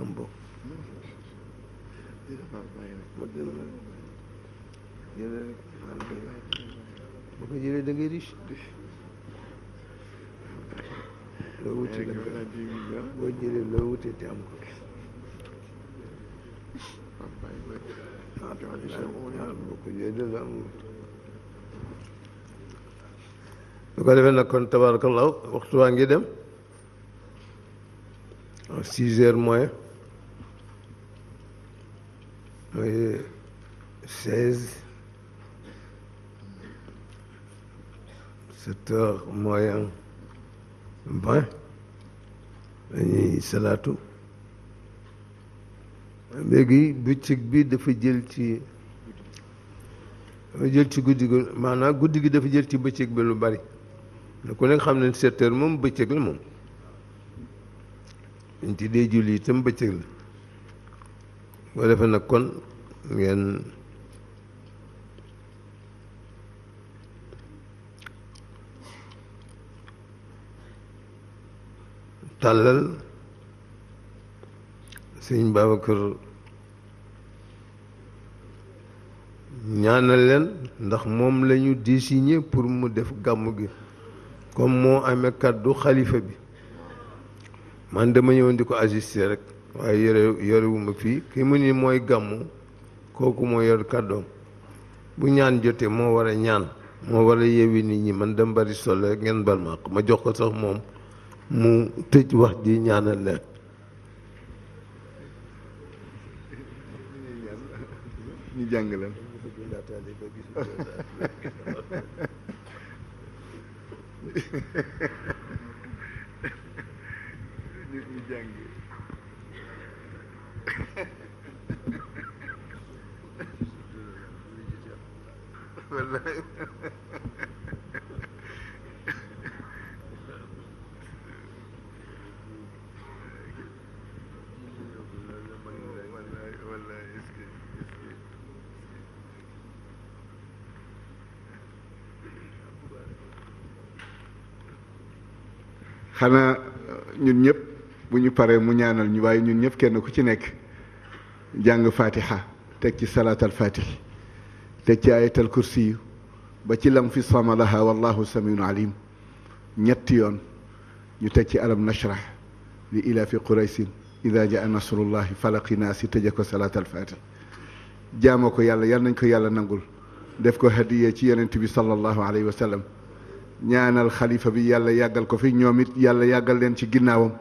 am bokk boo ko jëlee da ngay riche loo wutee da nga boo jëlee loo wutee te am ko boo ko jëlee da nga am lu ko defee nag kon tabarakallah waxtu waa ngi dem six heures moins page 16 sept heures moyen vingt dañuy salaatu léegi bëccëg bi dafa jël ci dafa jël ci guddi gi maanaam guddi gi dafa jël ci bëccëg bi lu bari ne ku nekk xam ne sept heures moom bëccëg la moom dañ dee julli itam bëccëg la boo defee nag kon ngeen tàllal sëñ Babacar ñaanal leen ndax moom lañu ñu désigné pour mu def gàmm gi comme moo amee kàddu xalifa bi man dama ñëwoon di ko assister rekk waaye yore yorewuma fii ki mu ni mooy gàmmu kooku moo yor kàddoom bu ñaan jotee moo war a ñaan moo war a yeewi nit ñi man dem bari solo rek ngeen bal ma jox ko sax moom mu tëj wax ji ñaanal leen jàngale xanaa ñun ñëpp bu ñu paree mu ñaanal ñu waaye ñun ñëpp kenn ku ci nekk jàng fatiha teg ci salaatal fatih teg ci ayatal kursi ba ci lam fi samalaha wallahu samiun alim ñetti yoon ñu teg ci alam nashrah li ila fi quraysin ida jaa nasrullahi falaqi naa si tëje ko salaatal fatih jaama ko yàlla yal nañ ko yàlla nangul def ko hadiyee ci yonent bi sallallahu alayhi wa sallam ñaanal xalifa bi yàlla yàggal ko fi ñoom it yàlla yàggal leen ci ginnaawam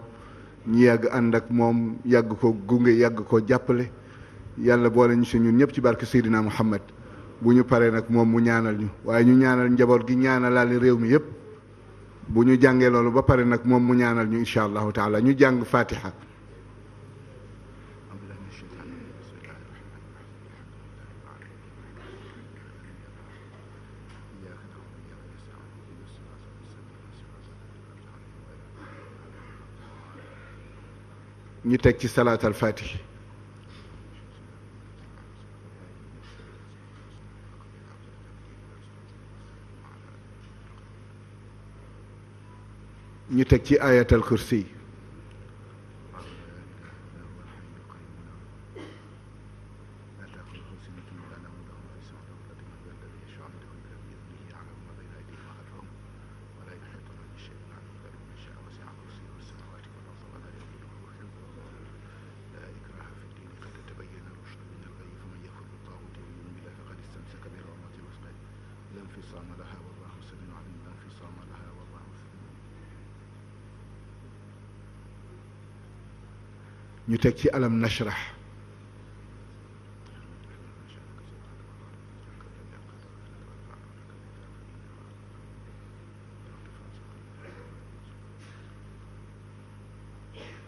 ñu yàgg ànd ak moom yàgg ko gunge yàgg ko jàppale yàlla boole ñu si ñun ñëpp ci barke Seydina Muhammad bu ñu paree nag moom mu ñaanal ñu waaye ñu ñaanal njaboot gi ñaanalaale réew mi yëpp bu ñu jàngee loolu ba pare nag moom mu ñaanal ñu incha allahu taala ñu jàng fatiha ñu teg ci salaat al fatih ñu teg ci ayat al kursi ñu teg ci alam nashrah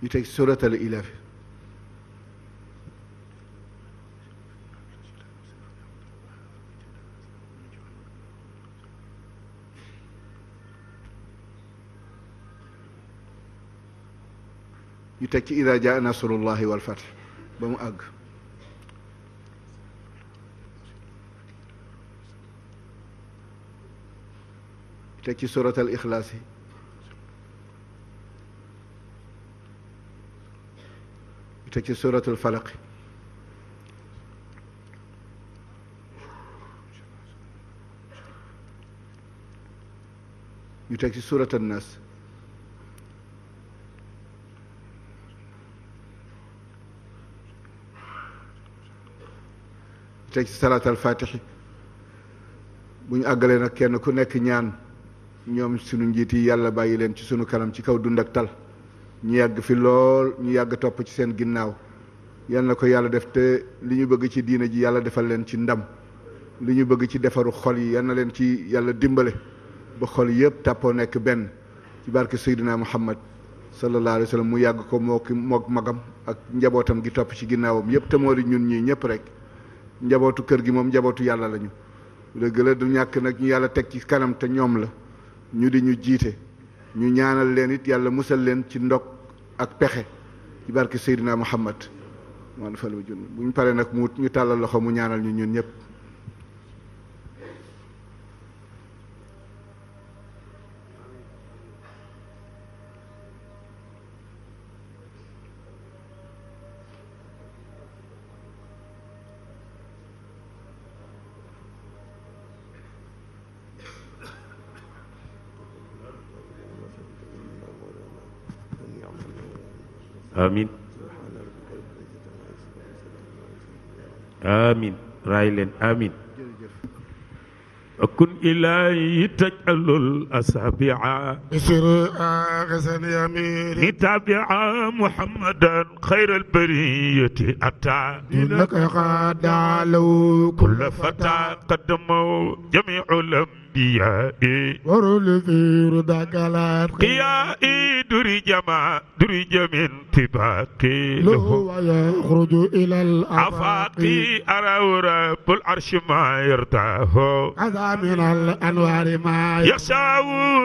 ñu teg surat al teg ci ida jaa nasrullahi wal fath ba mu àgg teg ci surat al ixlaas yi teg ci surat al falaq ñu teg ci surat an nas teg salaatal fatixi bu ñu àggalee nag kenn ku nekk ñaan ñoom sunu njiit yi yàlla bàyyi leen ci sunu kanam ci kaw dund ak tal ñu yàgg fi lool ñu yàgg topp ci seen ginnaaw yal na ko yàlla def te li ñu bëgg ci diine ji yàlla defal leen ci ndam li ñu bëgg ci defaru xol yi yal leen ci yàlla dimbale ba xol yëpp tàppoo nekk benn ci barke Seydina Muhammad sallallahu alayhi wa sallam mu yàgg ko moo ki magam ak njabootam gi topp ci ginnaawam yëpp te moo ñun ñii ñëpp rek njabootu kër gi moom njabootu yàlla lañu dëgg la du ñàkk nag ñu yàlla teg ci kanam te ñoom la ñu di ñu jiite ñu ñaanal leen it yàlla musal leen ci ndog ak pexe ci barke Seydina Muhammad man falu jun bu ñu paree nag mu ñu tàllal loxo mu ñaanal ñu ñun ñëpp amin amin raay leen amin kun ilahi tajalul asabi'a isra ghasal yamin tabi'a muhammadan khayral bariyati ata innaka qad alaw kull fata qaddama jami'ul بيائي ورول ذير دقلات قيائي دري جما دري جمين تباكي له ويخرج إلى الأفاقي أرى رب العرش ما يرتاه هذا من الأنوار ما يخشى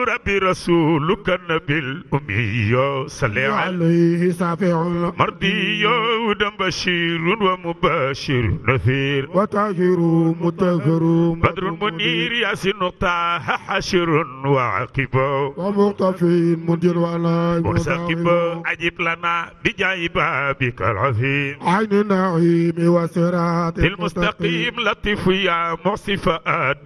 ربي رسولك النبي الأمي صلى عليه سافع مرضي ودم بشير ومباشر نذير وتاجر متاجر بدر منير ياسين المختاح حشر وعقب ومقتفي مدير ولا وسقب أجب لنا بجاي بابك العظيم عين النعيم وسرات المستقيم لطف يا مصف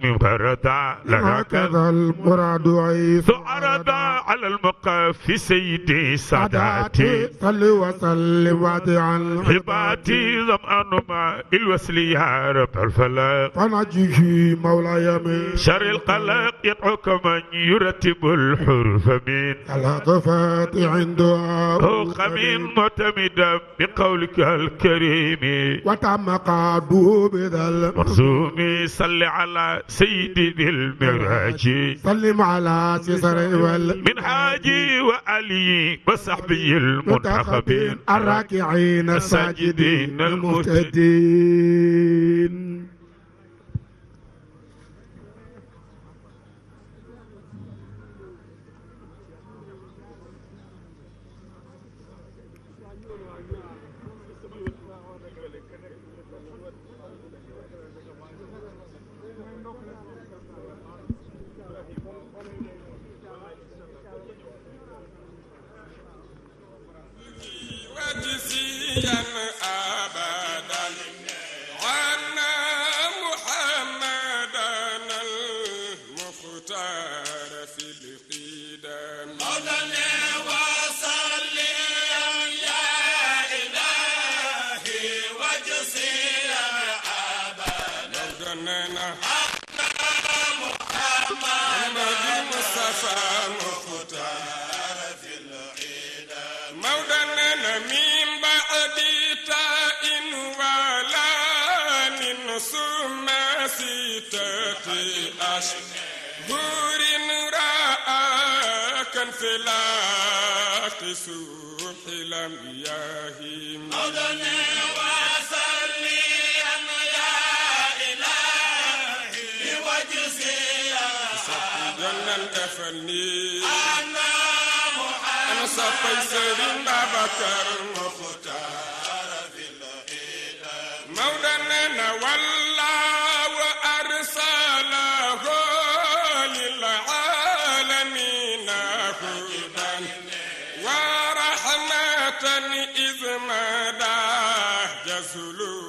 من بردا هكذا المراد عيسى أردا على المقف سيدي ساداتي صل وسلم وادي عن عبادي ظمأن ما الوسل يا رب الفلاح ونجيه مولاي من شر القلق يدعوك من يرتب الحروف من الهضفات عنده فوق من معتمدا بقولك الكريم وتم قعده بذا المنظوم صل على سيدنا المراجي سلم على سيسر من حاجي وعلي وصحبي المنتخبين الراكعين الساجدين المهتدين أشهور رآك انفلاق سوح لم يهيم Babacar ana Muhammad ana sa fay Sëriñ Babacar Muxtaar Mawda nee na wallaahu arsalahu lil aalamiina hudan wa rahmatan iz madaa